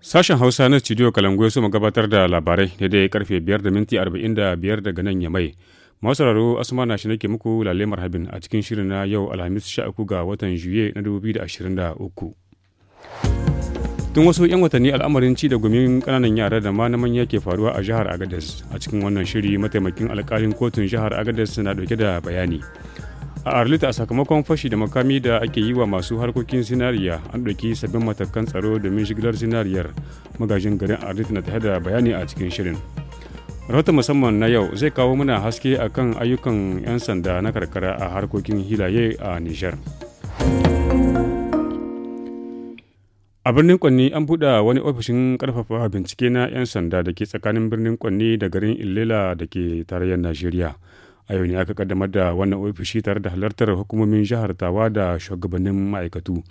Sashen Hausa na Studio Kalangoyo su gabatar da labarai daidai karfe 5 da minti 45 daga nan yamai. Masararo Asma na shi nake muku lalemar habin a cikin shirin na yau Alhamis 13 ga watan Juye na 2023. tun wasu 'yan watanni al'amarin ci da gumin kananan yara da ma na manya ke faruwa a jihar agadez a cikin wannan shiri mataimakin alkalin kotun jihar agadez na dauke da bayani a arlita a sakamakon fashi da makami da ake yi wa masu harkokin zinariya an ɗauki sabbin matakan tsaro domin shigilar zinariyar magajin garin arlita na tare da bayani a cikin shirin rahoton musamman na yau zai kawo mana haske akan ayyukan 'yan sanda na karkara a harkokin hilaye a nijar. a birnin kwanni an buɗe wani ofishin karfafa bincike na 'yan sanda da ke tsakanin birnin kwanni da garin illela da ke tarayyar najeriya a yau ne aka kaddamar da wannan ofishi tare da halartar hukumomin jihar tawa da shugabannin ma'aikatu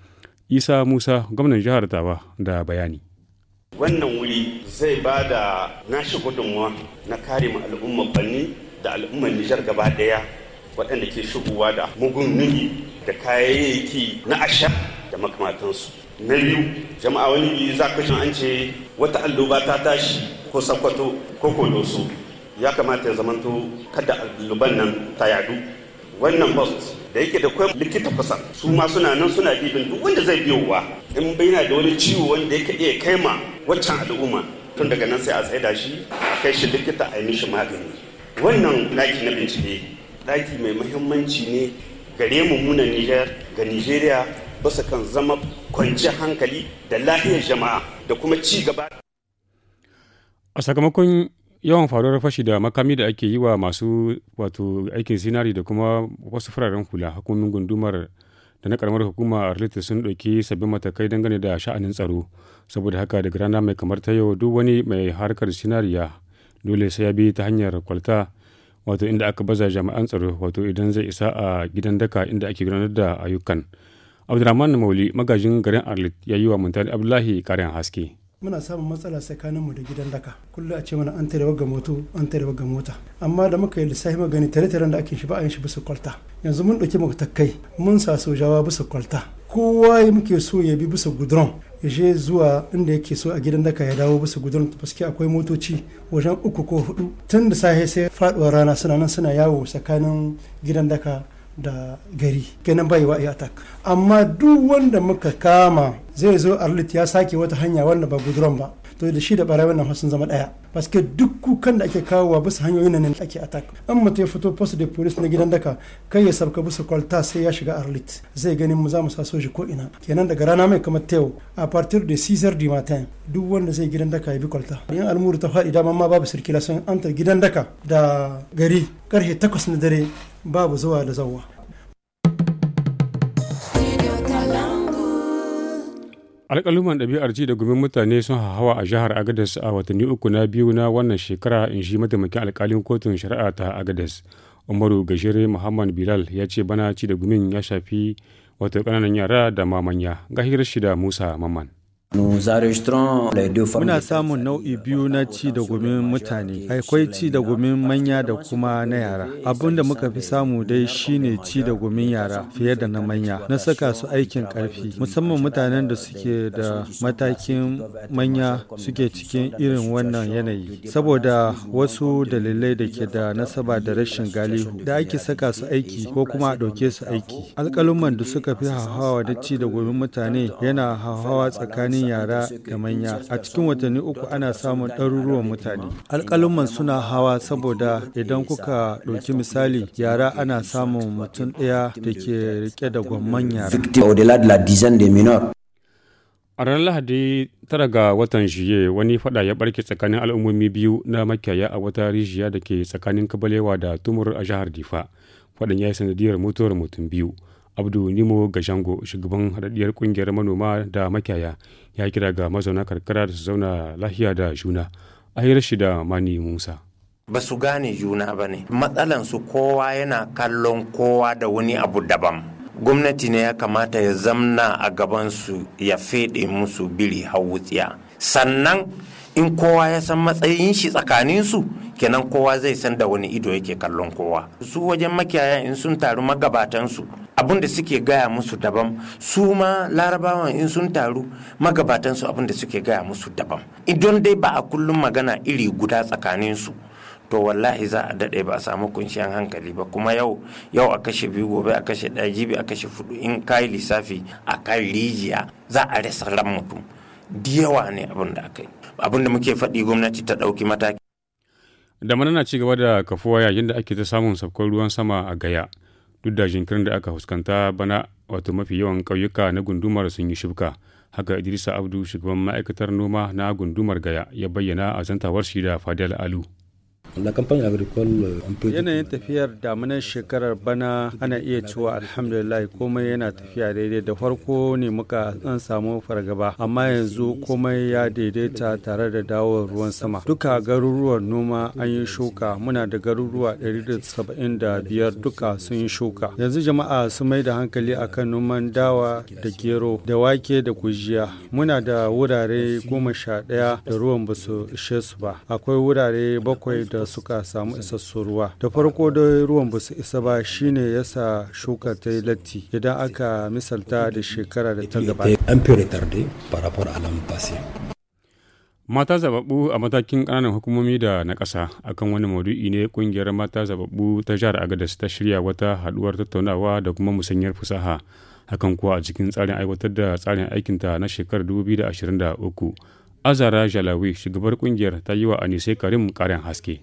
isa musa gwamnan jihar tawa da bayani wannan wuri zai ba da nashi gudunmuwa na kare ma al'ummar banni da al'ummar nijar gaba daya waɗanda ke shigowa da mugun nuni da kayayyaki na asha da makamantansu na biyu jama'a wani biyu za ka an ce wata alluba ta tashi ko sakwato ko kondoso ya kamata ya zamanto kada alluban nan ta yadu wannan host da yake da kwai likita kusa su ma suna nan suna bibin duk wanda zai biyo wa. in bai da wani ciwo wanda yake iya kai ma waccan al'umma tun daga nan sai a tsaida shi a kai shi likita a yi mishi magani wannan ɗaki na bincike ɗaki mai muhimmanci ne gare mu munan Nijar ga Nijeriya su kan zama kwanciyar hankali da lafiyar jama'a da kuma ci gaba. A sakamakon yawan faruwar fashi da makami da ake yi wa masu wato aikin sinari da kuma wasu fararen hula hukumin gundumar da na karamar hukuma arlita sun ɗauki sabbin matakai dangane da sha'anin tsaro saboda haka daga rana mai kamar ta yau duk wani mai harkar sinariya dole sai ya bi ta hanyar kwalta wato inda aka baza jami'an tsaro wato idan zai isa a gidan daka inda ake gudanar da ayyukan abdulrahman Mauli magajin garin Arlit ya yi wa Muntari Abdullahi karin haske. muna samun matsala tsakanin mu da gidan daka kullum a ce mana an tare ga moto an tare ga mota amma da muka yi lissafi magani tare tare da ake shi ba a yin shi bisa kwalta yanzu mun ɗauki takai mun sa sojawa bisa kwalta kowa ya muke so ya bi bisa gudron ya je zuwa inda yake so a gidan daka ya dawo bisa gudron paske akwai motoci wajen uku ko hudu tun da safe sai faduwar rana suna nan suna yawo tsakanin gidan daka da gari kenan bai wa attack amma duk wanda muka kama zai zo arlit ya sake wata hanya wanda ba gudron ba to da shi da barawin wannan sun zama daya paske duk kukan da ake kawowa bisa hanyoyin nan ake attack an mutum ya fito post de police na gidan daka kai ya sabka bisa kwalta sai ya shiga arlit zai gani mu za mu sa soji ko ina kenan daga rana mai kamar teo a partir de 6h du matin duk wanda zai gidan daka ya bi kwalta yan almuru ta faɗi dama ma babu sirkila sun gidan daka da gari karhe takwas na dare babu zuwa da zauwa alƙaluman ɗabi'ar ji da gumin mutane sun hawa a jihar agadas a watanni uku na biyu na wannan shekara in shi mataimakin alƙalin kotun shari'a ta agadas umaru gajere muhammad bilal ya ce bana ci da gumin ya shafi wato ƙananan yara da mamanya ga hirar shida musa mamman. Muna samun nau'i biyu na ci da gumin mutane, akwai ci da gumin manya da kuma na yara. Abin da muka fi samu dai shine ci da gumin yara fiye da na manya. Na saka su aikin karfi musamman mutanen da suke da matakin manya suke cikin irin wannan yanayi. Saboda wasu dalilai da ke da nasaba da rashin galihu, da ake saka su aiki ko kuma a ɗauke su aiki. Alƙaluman da suka fi hauhawa na ci da gumin mutane yana hauhawa tsakanin tsakanin yara da manya a cikin watanni uku ana samun ɗaruruwan mutane alƙalumman suna hawa saboda idan kuka ɗauki misali yara ana samun mutum ɗaya da ke rike da gwamman yara A ranar Lahadi tara ga watan Juye wani fada ya barke tsakanin al'ummomi biyu na makiyaya a wata rijiya da ke tsakanin Kabalewa da Tumur a jihar Difa. Fadan ya yi sanadiyar mutuwar mutum biyu. abdu nimo gashango shugaban haɗaɗɗiyar ƙungiyar manoma da makiyaya ya kira ga mazauna karkara da su zauna lahiya da juna a hirar shi da mani musa ba su gane juna ba ne matsalansu kowa yana kallon kowa da wani abu daban gwamnati ne ya kamata ya zamna a gabansu ya fede musu biri hawutsiya sannan in kowa ya san matsayin shi tsakanin su kenan kowa zai san da wani ido yake kallon kowa su wajen makiyaya in sun taru magabatan su abin da suke gaya musu daban su ma larabawa in sun taru magabatan su abin da suke gaya musu daban idan dai ba a kullum magana iri guda tsakanin su to wallahi za a daɗe ba a samu kunshiyan hankali ba kuma yau yau a kashe biyu gobe a kashe ɗaya jibi a kashe fudu in kayi lissafi a kan rijiya za a rasa ran mutum diyawa ne abin da aka yi abin da muke faɗi gwamnati ta ɗauki mataki. mana na ci gaba da kafuwa yayin da ake ta samun sabkon ruwan sama a gaya duk da jinkirin da aka fuskanta bana wato mafi yawan ƙauyuka na gundumar sun yi shibka haka idrisa abdu shugaban ma'aikatar noma na gundumar gaya ya bayyana a zantawar shi da fadel alu Eh, Yanayin tafiyar damunan shekarar bana ana iya cewa alhamdulillah komai yana tafiya daidai da farko ne muka an samu fargaba amma yanzu komai ya daidaita tare da dawowar ruwan sama. Duka garuruwan noma an yi shuka muna da garuruwa 175 duka sun yi shuka. Yanzu jama'a su mai da hankali akan noman dawa da gero da wake da kujiya. Muna da wurare goma sha ɗaya da ruwan ba su ishe su ba. Akwai wurare bakwai da da suka samu isassun ruwa da farko da ruwan ba su isa ba shine yasa shuka ta yi latti idan aka misalta da shekara da ta gabata mata zababbu a matakin ƙananan hukumomi da na ƙasa akan wani maudu'i ne ƙungiyar mata zababbu ta jihar agadas ta shirya wata haɗuwar tattaunawa da kuma musanyar fasaha hakan kuwa a cikin tsarin aiwatar da tsarin aikinta na shekarar 2023 azara jalawi shugabar kungiyar ta yi wa anise karim karen haske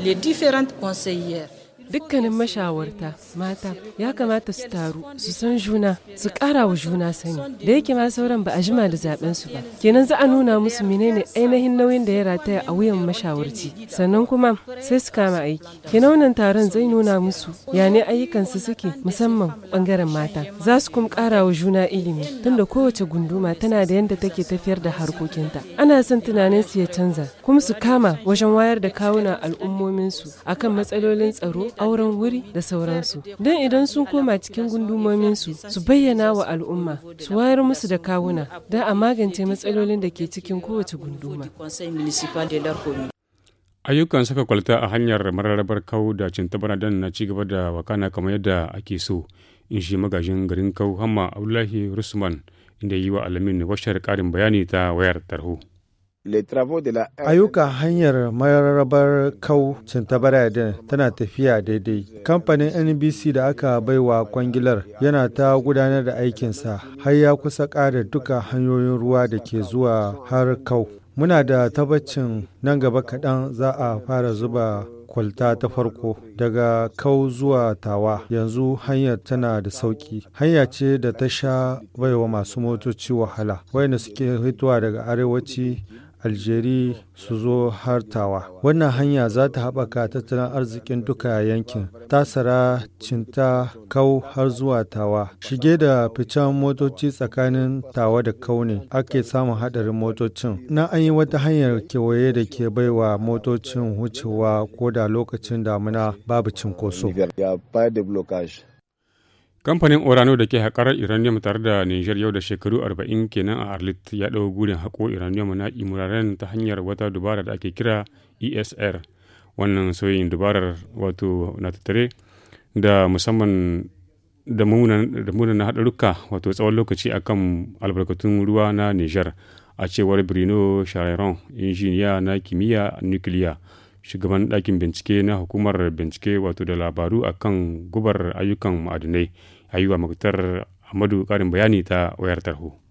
les différentes conseillères dukkanin mashawarta mata ya kamata su taru su san juna su kara wa juna sani da yake ma sauran ba a jima da zaben su ba kenan za a nuna musu menene ainihin nauyin da ya rataya a wuyan mashawarci sannan kuma sai su kama aiki kenan wannan taron zai nuna musu ya ne su suke musamman bangaren mata za su kuma kara wa juna ilimi tunda kowace gunduma tana da yadda take tafiyar da harkokinta ana son tunanin su ya canza kuma su kama wajen wayar da kawunan al'ummominsu akan matsalolin tsaro auren wuri da sauransu don idan sun koma cikin gundumominsu su bayyana wa al'umma su wayar musu da kawuna don a magance matsalolin da ke cikin kowace gunduma ayyukan saka kwalta a hanyar mararrabar kau da bana don na cigaba da wakana kamar yadda ake so in shi magajin garin kau hamma abdullahi rusman inda yi wa alamin washar karin bayani ta wayar tarho. Ayyuka hanyar mararrabar kau Cintabaraden tana tafiya daidai. Kamfanin NBC da aka baiwa kwangilar yana ta gudanar da aikinsa har ya kusa ƙara duka hanyoyin ruwa da ke zuwa har kau. Muna da tabbacin nan gaba kaɗan za a fara zuba kwalta ta farko daga kau zuwa tawa yanzu hanyar tana da sauki hanya ce da ta sha baiwa masu motoci wahala wayanda suke hitowa daga arewaci aljeri su zo hartawa wannan hanya za ta haɓaka tattalin arzikin duka yankin tasara cinta kau har zuwa tawa shige da ficen motoci tsakanin tawa da kau ne ake samun haɗarin motocin na an yi wata hanyar kewaye da ke baiwa motocin wucewa ko da lokacin damuna babu cinkoso Kamfanin Orano da ke haƙar iranium tare da Nijar yau da shekaru 40 kenan a Arlit ya ɗau gurin haƙo iranium na imuraren ta hanyar wata dubara da ake kira ESR. Wannan sauyin dubarar wato na tattare da musamman da muna na haɗarurruka wato tsawon lokaci akan albarkatun ruwa na Nijar a cewar Brino Sharon, injiniya na kimiyya nukiliya. shugaban ɗakin bincike na hukumar bincike wato da labaru akan gubar ayyukan ma'adinai a yi muktar amadu ƙarin bayani ta wayar tarho.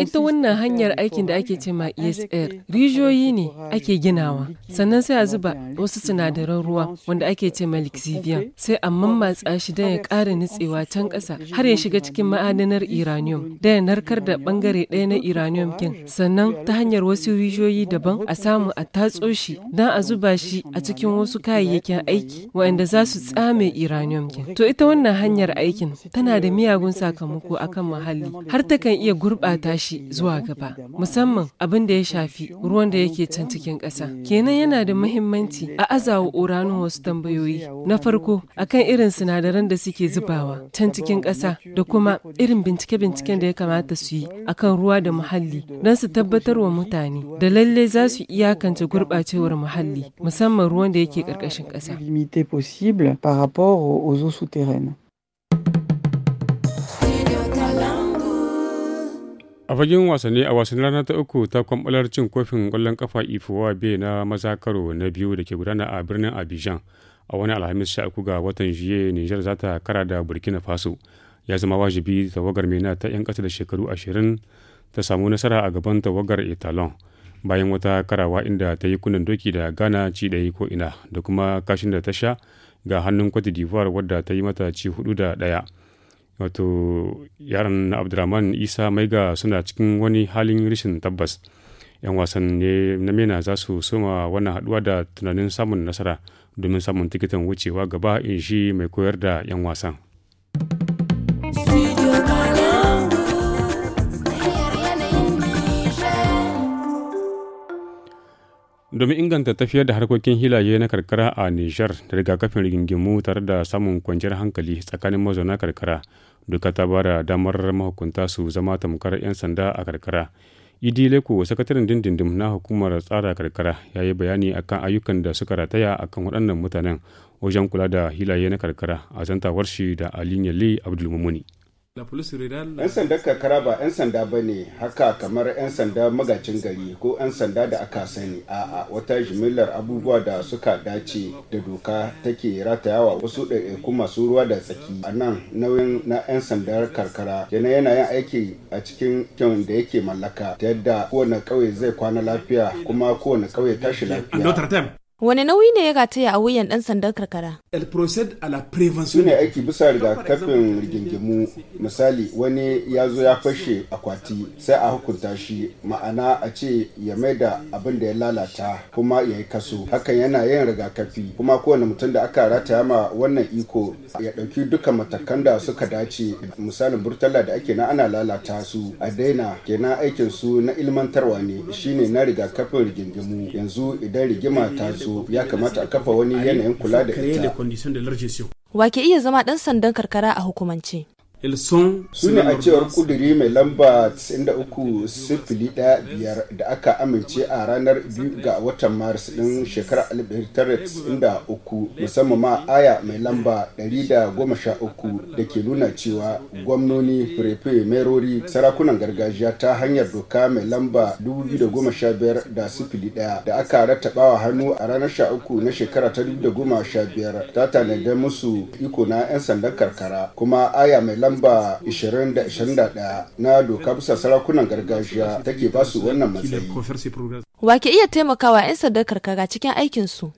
Ita wannan hanyar aikin da ake cema ESR rijiyoyi ne ake ginawa sannan sai a zuba wasu sinadaran ruwa wanda ake cema lixivian sai a mammatsa shi don ya ƙara nutsewa can ƙasa har ya shiga cikin ma'adanar uranium da ya narkar da ɓangare ɗaya na uranium kin sannan ta hanyar wasu rijiyoyi daban a samu a tatso shi don a zuba shi a cikin wasu kayayyakin aiki waɗanda za su tsame uranium kin to ita wannan hanyar aikin tana da miyagun sakamako a akan muhalli har ta kan iya gurɓata shi zuwa gaba musamman abin da ya shafi ruwan da yake can cikin ƙasa kenan yana da muhimmanci a azawa uranu wasu tambayoyi na farko akan irin sinadaran da suke zubawa can cikin ƙasa da kuma irin bincike-binciken da ya kamata su yi akan ruwa da muhalli don su tabbatar wa mutane da lalle za su iyakance gurɓacewar muhalli musamman ruwan da yake ƙarƙashin ƙasa. a fagen wasanni a wasannin rana ta uku ta kwamɓalar cin kofin kwallon kafa ifowa be na maza na biyu da ke gudana a birnin abidjan a wani alhamis sha uku ga watan juye nijar za ta kara da burkina faso ya zama wajibi tawagar mena ta 'yan ƙasa da shekaru ashirin ta samu nasara a gaban tawagar italon bayan wata karawa inda ta yi kunan doki da ghana ci ɗaya ko ina da kuma kashin da ta sha ga hannun cote d'ivoire wadda ta yi mata ci hudu da ɗaya wato yaran abdulrahman isa maiga suna cikin wani halin rashin tabbas yan wasan ne na mena za su soma wannan haduwa da tunanin samun nasara domin samun tikitin wucewa gaba in shi mai koyar da yan wasan domin inganta tafiyar da harkokin hilaye na karkara a niger da rigakafin rigingimu tare da samun kwanciyar hankali tsakanin mazauna karkara duka ta ba da damar mahukunta su zama tamkar 'yan sanda a karkara idi leko sakataren dindindin na hukumar tsara karkara ya yi bayani akan ayyukan da suka rataya akan waɗannan mutanen wajen kula da hilaye na karkara a zantawar shi da aliyu abdulmumuni 'yan sanda karkara ba 'yan sanda ba ne haka kamar 'yan sanda magajin gari ko 'yan sanda da aka sani a wata jimillar abubuwa da suka dace da doka take ratayawa wasu ɗaiɗaiku masu ruwa da tsaki a nan nauyin na 'yan sandar karkara yana yana yin aiki a cikin kyan da yake mallaka ta yadda kowane ƙauye zai kwana lafiya kuma kowane ƙauye tashi lafiya Wani nauyi ne ya gataya a wuyan ɗan sandan karkara? El proced a la prevention. aiki bisa rigakafin rigingimu. Misali wani ya zo ya fashe akwati sai a hukunta shi ma'ana a ce ya maida abin da ya lalata kuma ya yi kaso. Hakan yana yin rigakafi kuma kowane mutum da aka rataya ma wannan iko ya ɗauki duka matakan da suka dace. Misalin burtala da ake na ana lalata su a daina kenan aikin su na ilmantarwa ne shine na rigakafin rigingimu. Yanzu idan rigima ta zo ya kamata a kafa wani yanayin kula da ita. Wa ke iya zama ɗan sandan karkara a hukumance? ilson suna a cewar kuduri mai lamba 93.15 da aka amince a ranar 2 ga watan maris din shekarar 1993 musamman ma aya mai lamba 113 da ke nuna cewa gwamnoni prefe merori sarakunan gargajiya ta hanyar doka mai lamba 2015 da sifili daya da aka rattabawa hannu a ranar 13 na shekarar 2015 ta tanadar musu iko na 'yan sandan karkara kuma aya mai lamba lamba 2021 na doka bisa sarakunan gargajiya take basu wannan matsayi. Wa ke iya taimakawa 'yan sadakar kaga cikin aikinsu?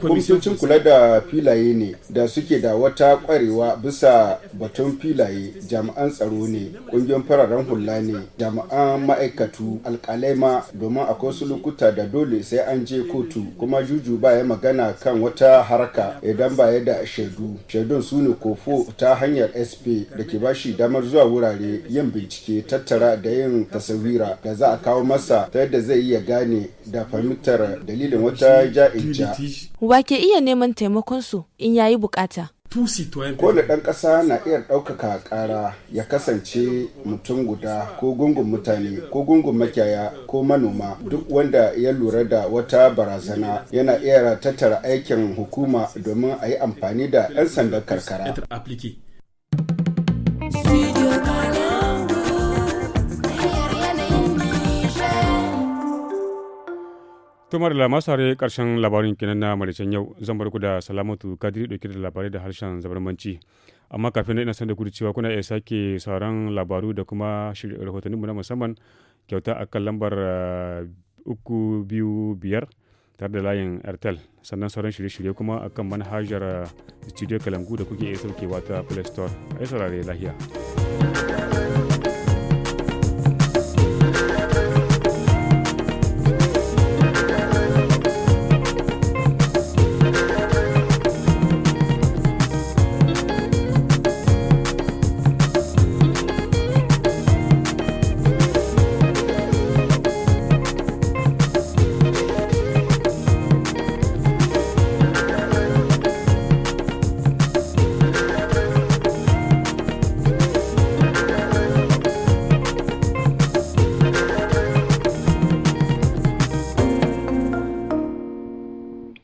kwamitocin kula da filaye ne da suke da wata kwarewa bisa batun filaye jami'an tsaro ne ƙungiyar fararen hula ne jami'an ma'aikatu alƙalai ma domin akwai su lokuta da dole sai an je kotu kuma juju ba ya magana kan wata haraka idan ba ya da shaidu shaidun su ne kofo ta hanyar sp da ke bashi damar zuwa wurare yin bincike tattara da yin tasawira da za a kawo masa ta yadda zai iya gane da fahimtar dalilin wata ja'in ja shi. Wa ke iya neman taimakon su in yayi bukata? Ko ɗan ƙasa na iya ɗaukaka ƙara ya kasance mutum guda ko gungun mutane ko gungun makiyaya ko manoma duk wanda ya lura da wata barazana yana iya tattara aikin hukuma domin a yi amfani da 'yan sandan karkara. Tumar da masu karshen labarin kenan na maricen yau zan bar ku da salamatu kadiri dauke da labarai da harshen zabarmanci. Amma kafin ina san da ku cewa kuna iya sake sauran labaru da kuma shirya rahotanni mu na musamman kyauta a lambar eh, uku biyu biyar tare da layin Airtel sannan sauran shirye-shirye kuma akan manhajar eh, Studio Kalangu da kuke iya saukewa ta Play Store. Ai saurare lahiya.